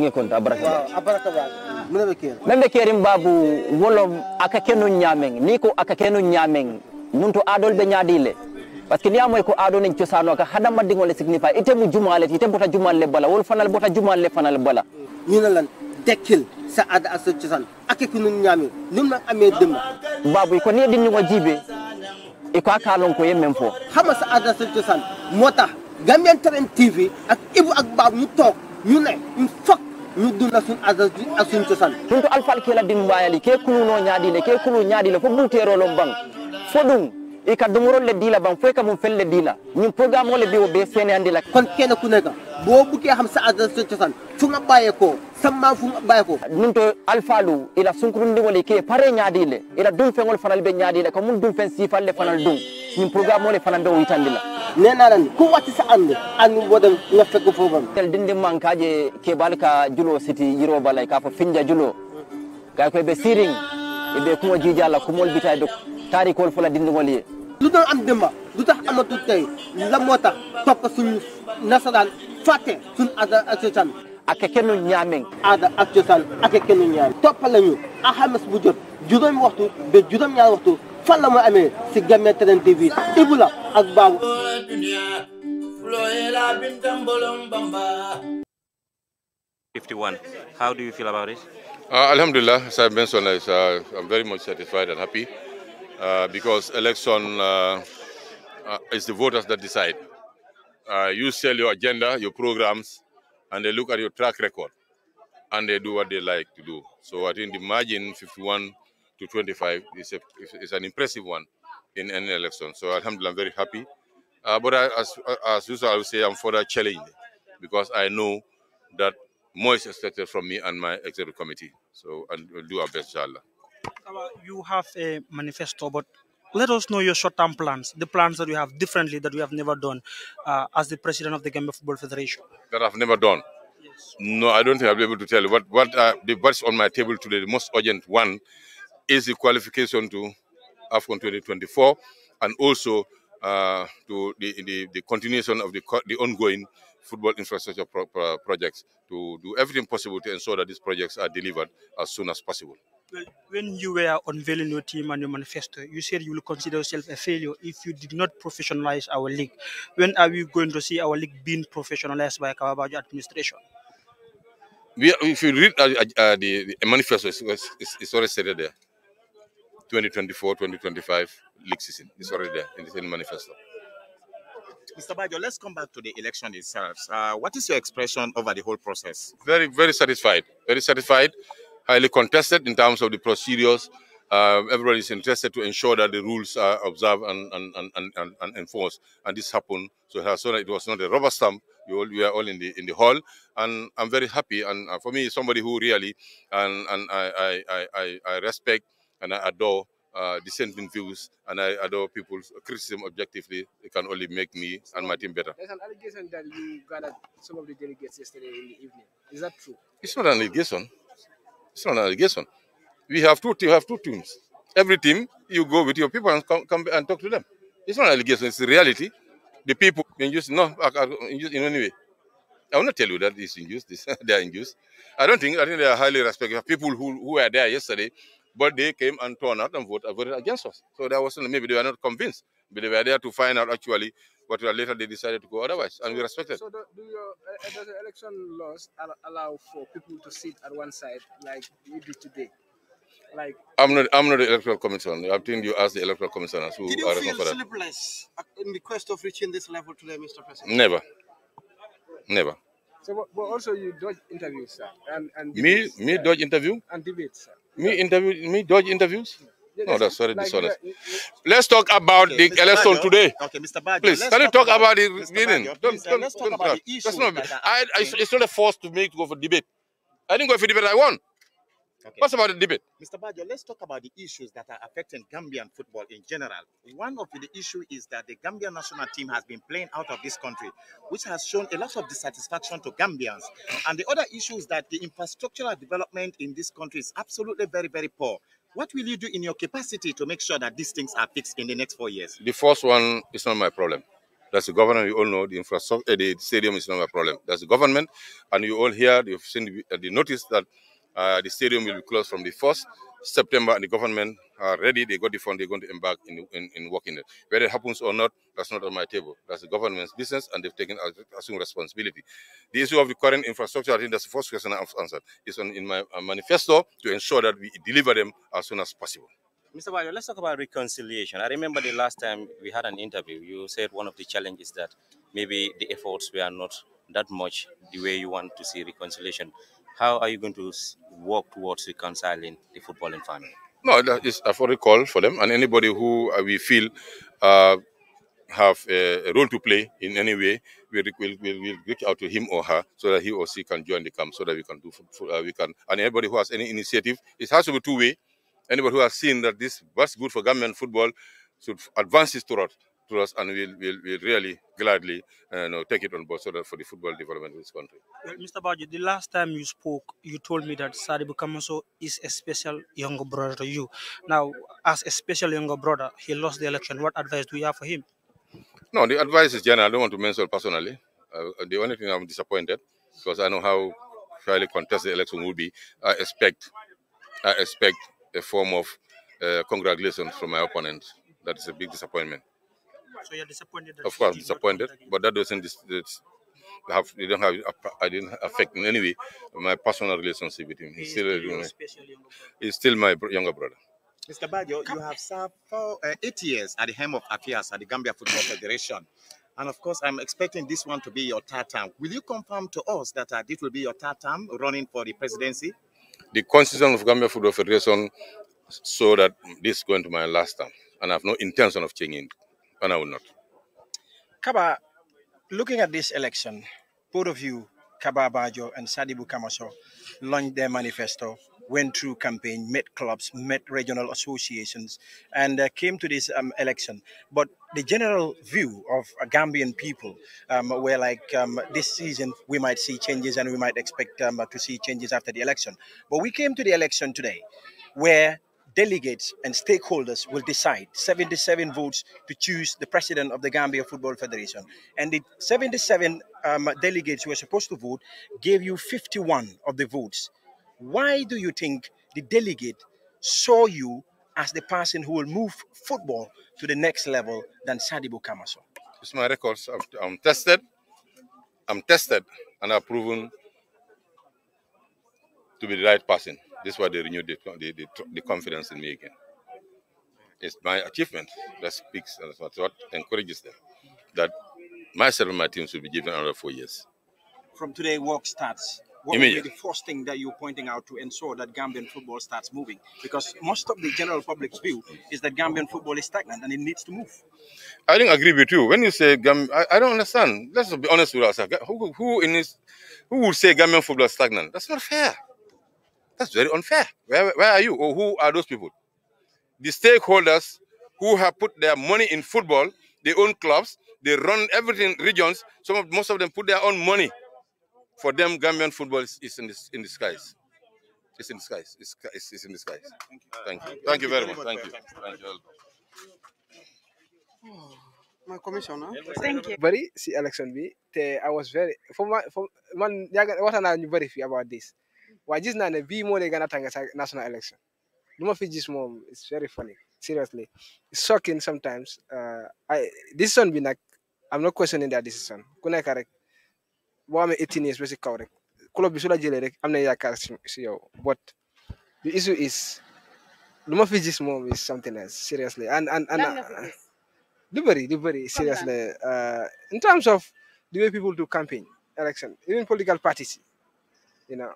ngekonta abaraka abaraka membe kerim babu wolom aka kenu nyameng ni ko aka kenu nyameng nunto adol be nyadile parce que ni ko ado nen ciosano ka hada madingo le signify ite mu jumale ite bota jumale bala wol fanal bota jumale fanal bala ni lan dekil sa ada aso ciosan ake kunu nyami num na ame dem babu ko ni din ngo jibe e ko aka lon ko yemmen fo hama sa ada aso ciosan mota gambian tren tv ak ibu ak babu ñu tok ñu ne ñu fak yudduna sun asasi sun cosan ɗum to alfal kela dimbayali ke kuluno ñaaɗile ke kulu ñaaɗile fo ɓuuterolon ban fo ɗum i ka domorol le dila ban foy ka mum fel le dila ñin programme o le biwo be fene andi la kon kene ku neka bo buke xam sa asasi fu ma baye ko samma ma baye ko ɗum to alfalu ila sunkurundiŋol ke pare ñaaɗile ila dum feŋol fanal ɓe ñaaɗile ko mum dum fen sifalle fanal dum ñin programme o le fanan ɓe o yitandi la nee na ran ku watti sa anndu anndu woɗon no feggo fofam tel dindi mankaji ke balka julo siti yiro balay ka fo finja julo ga koye be siring eɓe kumo jiiji allah kumol bitayde tarikol fula dindigol ye lu doon am démba lu tax amatu tey la moo tax topp suñu nasaraan fàtte suñu aada ak cosaan ake kennu ñaamen aada ak cosaan ake kennu ñaamen toppalañu alxames bu jot judom waxtu be judom ñaari waxtu fan si TV la Fifty-one. How do you feel about it? Uh, Alhamdulillah, as I mentioned, uh, I'm very much satisfied and happy uh, because election uh, uh, is the voters that decide. Uh, you sell your agenda, your programs, and they look at your track record, and they do what they like to do. So I think the margin 51 to 25 is, a, is an impressive one in any election. So Alhamdulillah, I'm very happy. Uh, but I, as, as usual, I would say I'm further challenged because I know that more is expected from me and my executive committee. So we'll do our best, inshallah. You have a manifesto, but let us know your short-term plans, the plans that you have differently that we have never done uh, as the president of the Gambia Football Federation. That I've never done. Yes. No, I don't think I'll be able to tell you. What, what, uh, what's on my table today, the most urgent one easy qualification to AFCON 2024 and also uh, to the, the, the, continuation of the, the ongoing football infrastructure pro pro projects to do everything possible to ensure that these projects are delivered as soon as possible. Well, when you were unveiling your team and your manifesto, you said you will consider yourself a failure if you did not professionalize our league. When are we going to see our league being professionalized by Kawabajo administration? We, if you read uh, uh, the, the manifesto, it's, it's, it's already stated there. 2024 2025 league season. It's already there in the manifesto. Mr. Bajo, let's come back to the election itself. Uh, what is your expression over the whole process? Very, very satisfied. Very satisfied. Highly contested in terms of the procedures. Uh, everybody is interested to ensure that the rules are observed and, and, and, and, and enforced. And this happened. So, so it was not a rubber stamp. We, all, we are all in the in the hall, and I'm very happy. And uh, for me, somebody who really, and and I I, I, I respect and I adore uh, dissenting views and I adore people's criticism objectively. It can only make me and my team better. There's an allegation that you gathered some of the delegates yesterday in the evening. Is that true? It's not an allegation. It's not an allegation. We have two. You have two teams. Every team, you go with your people and come, come and talk to them. It's not an allegation. It's reality. The people induced no induced in any way. I will not tell you that it's induced. they are induced. I don't think. I think they are highly respected. People who who were there yesterday but they came and turned out and voted, voted against us. So that was maybe they were not convinced, but they were there to find out actually but later they decided to go otherwise, and we respected. So, do, do your uh, the election laws allow for people to sit at one side like you did today? Like I'm not, I'm not the electoral commissioner. I think you ask the electoral commissioners who Did you feel sleepless in the quest of reaching this level today, Mr. President? Never, never. So, but, also you dodge interviews, sir, and, and debates, me, me dodge interview and debates, sir. Me interview me dodge interviews? No, that's very like dishonest. You, Let's talk about okay, the election today. Okay, Mr. Baggio. Please, can you talk about the meeting? let's talk about the issue. That's not, I, I, it's not a force to make to go for debate. I didn't go for debate, I won. Okay. What's about the debate? Mr. Bajo, let's talk about the issues that are affecting Gambian football in general. One of the issues is that the Gambian national team has been playing out of this country, which has shown a lot of dissatisfaction to Gambians. And the other issue is that the infrastructural development in this country is absolutely very, very poor. What will you do in your capacity to make sure that these things are fixed in the next four years? The first one is not my problem. That's the government. You all know the infrastructure, eh, the stadium is not my problem. That's the government. And you all hear, you've seen the, the notice that uh, the stadium will be closed from the 1st September, and the government are ready. They got the fund. They're going to embark in, in, in working it. Whether it happens or not, that's not on my table. That's the government's business, and they've taken assumed responsibility. The issue of the current infrastructure, I think that's the first question I've answered. It's on, in my uh, manifesto to ensure that we deliver them as soon as possible. Mr. Bajo, let's talk about reconciliation. I remember the last time we had an interview, you said one of the challenges that maybe the efforts were not that much the way you want to see reconciliation. How are you going to work towards reconciling the footballing family? No, that is a phone call for them and anybody who uh, we feel uh, have a, a, role to play in any way, we'll, we'll, we'll, reach out to him or her so that he or she can join the camp so that we can do, uh, we can, and anybody who has any initiative, it has to be two-way. Anybody who has seen that this was good for government football should advance his throughout to us, and we'll, we'll, we'll really gladly uh, take it on board so that for the football development of this country. Well, Mr. Baji, the last time you spoke, you told me that Sadibu Kamoso is a special younger brother to you. Now, as a special younger brother, he lost the election. What advice do you have for him? No, the advice is general. I don't want to mention personally. Uh, the only thing I'm disappointed because I know how fairly contested the election will be. I expect, I expect a form of uh, congratulations from my opponent. That is a big disappointment. So you're disappointed. of course, disappointed, but that doesn't have they don't have I didn't affect in any way my personal relationship with him. He's, he's still, he's still my younger brother. Mr. Badio, you have served for uh, eight years at the helm of affairs at the Gambia Football Federation. And of course, I'm expecting this one to be your third term. Will you confirm to us that uh, this will be your third term running for the presidency? The constitution of Gambia Football Federation saw that this is going to my last term, and I have no intention of changing it and I will not. Kaba, looking at this election, both of you, Kaba Bajo and Sadibu Kamaso, launched their manifesto, went through campaign, met clubs, met regional associations, and uh, came to this um, election. But the general view of uh, Gambian people um, were like, um, this season we might see changes and we might expect um, to see changes after the election. But we came to the election today where delegates and stakeholders will decide 77 votes to choose the president of the Gambia Football Federation. And the 77 um, delegates who were supposed to vote gave you 51 of the votes. Why do you think the delegate saw you as the person who will move football to the next level than Sadibu Kamaso? It's my records. I'm tested. I'm tested and I've proven to be the right person. This is why they renewed the, the, the, the confidence in me again. It's my achievement that speaks and that's what encourages them that myself and my team should be given another four years. From today, work starts. What be the first thing that you're pointing out to ensure that Gambian football starts moving? Because most of the general public's view is that Gambian football is stagnant and it needs to move. I don't agree with you. When you say Gambian, I, don't understand. Let's be honest with ourselves. Who, who, in this, who would say Gambian football is stagnant? That's not fair. That's very unfair. Where, where are you or who are those people? The stakeholders who have put their money in football, they own clubs, they run everything, regions. Some of, most of them put their own money. For them, Gambian football is, is in, this, in disguise. It's in disguise. It's, it's, it's in disguise. Thank you. Thank you very much. Thank you. Thank you. My commissioner. Thank you. Very, see, bi I was very for my for man What waxtaan I ñu bari about this waaye gis naa ne bii moo dee gën a tànga sa national election The more fi gis moom it's very funny seriously it's shocking sometimes uh, one be like i am not questioning that decision ku nekk rek boo amee eighteen years ba si kaw rek club bi su la rek am na yaakaar si yow but the issue is the more fi gis moom is something else seriously and and and lu bëri lu bëri seriously uh, in terms of the way people do campaign election even political parties you know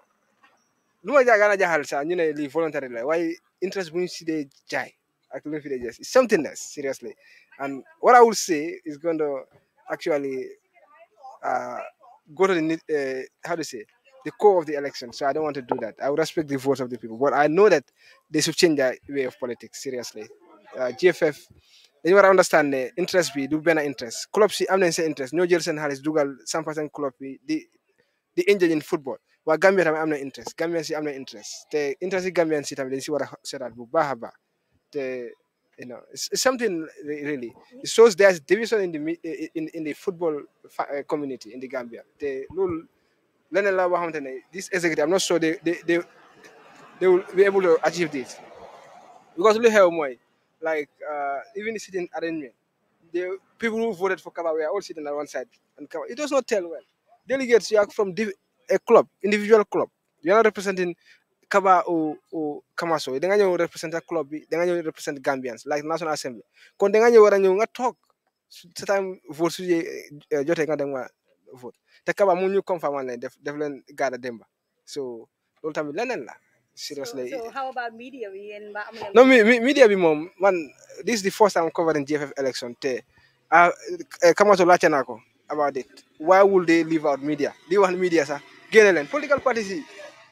lu ma jaay gën a jaaxal sax ñu ne lii voluntary la waaye interest bu ñu si dee jaay ak lu ñu fi dee jaay something else seriously and what I will say is going to actually uh, go to the uh, how to say the core of the election. So I don't want to do that. I will respect the vote of the people, but I know that they should change their way of politics seriously. Uh, GFF dañu war a understand the interest bi do better interest club si am nañ seen interest No, jël Harris, xaalis dugal 100 percent club The the engine in football waa Gambia i am na interest Gambian si am interest te interest yi Gambian si tamit dañ si war a seetaat bu baax a te you know it's something really it shows there's division in the in in the football eh, community in the Gambia te loolu leneen la boo xamante this executive I'm not sure they they they they will be able to achieve this because lu xew mooy like uh, even the sitting arrangement the people who voted for Kaba were all sitting on one side and Kaba it does not tell well delegates you are from a club individual club you are not representing Kaba o o Kamaso da nga ñëw representer bi da nga ñëw represent Gambians like National Assembly kon da nga ñëw war a ñëw nga toog sa time vote su eh, jotee nga dem nga vote te Kaba mu ñu confirmal leen def def leen gaada demba so loolu tamit leneen la seriously so how about bi no media bi moom man this is the first time covering GFF election te ah, eh, Kamaso laajte naa ko about it why would they leave out media li wax media sax génne political parties yi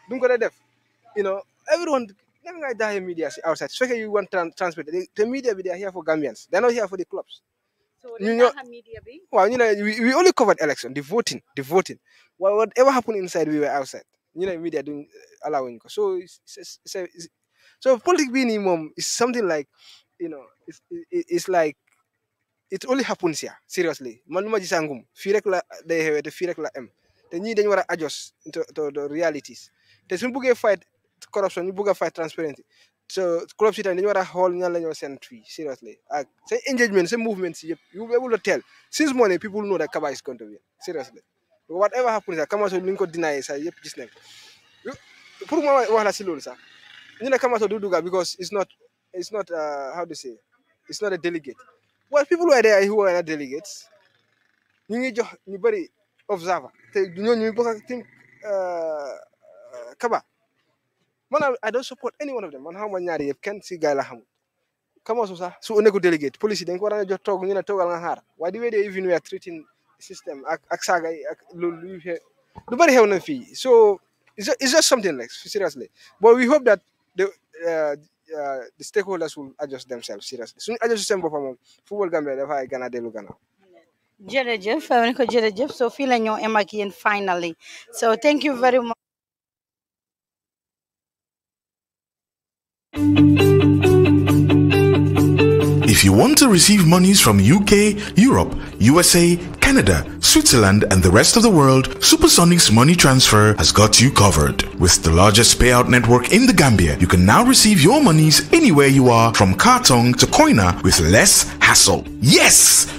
duñ ko dee you know everyone never ngay daaxee media outside So you want transmit the media they are here for Gambians they are not here for the clubs ñu ñoo well, you know, we only covered election the voting the voting well, whatever happened inside we were outside You know, media doing allowing ko so so politics being nii is something like you know it's, it's like it only happens here seriously man lu ma the fii they need to adjust to the realities They suñu go fight corruption ñu bugg a fight transparency so corruption si tamit dañu to a xool ñan la seriously ak seen engagement seen movement you be able to tell since morning people know that Kaba is going to win seriously whatever happens sax Kamaso link ñu deny sax yep, just nañ Put more wax la si loolu sax ñu ne Kamaso du because it's not it's not uh, how do you say it's not a delegate well people who are there who are not delegates you need your, ñu bëri of Java te ñooñu ñu bokk team Kaba man I don't support any one of them man xamuma ñaari yëpp kenn si gaay la xamul Kama su sax su nekku delegate police dañ ko war a talk. toog ñu ne toogal nga xaar waaye di wéy dee even we are treating system ak ak saaga yi ak loolu lu so it's just something like seriously but we hope that the uh, uh, the stakeholders will adjust themselves seriously So, adjust seen boppam moom football Gambia dafay gën a dellu gannaaw Jerejef, Enrico Jerejef, so feeling your Emma again finally. So thank you very much. If you want to receive monies from UK, Europe, USA, Canada, Switzerland, and the rest of the world, Supersonic's money transfer has got you covered. With the largest payout network in the Gambia, you can now receive your monies anywhere you are from Kartong to Koina with less hassle. Yes!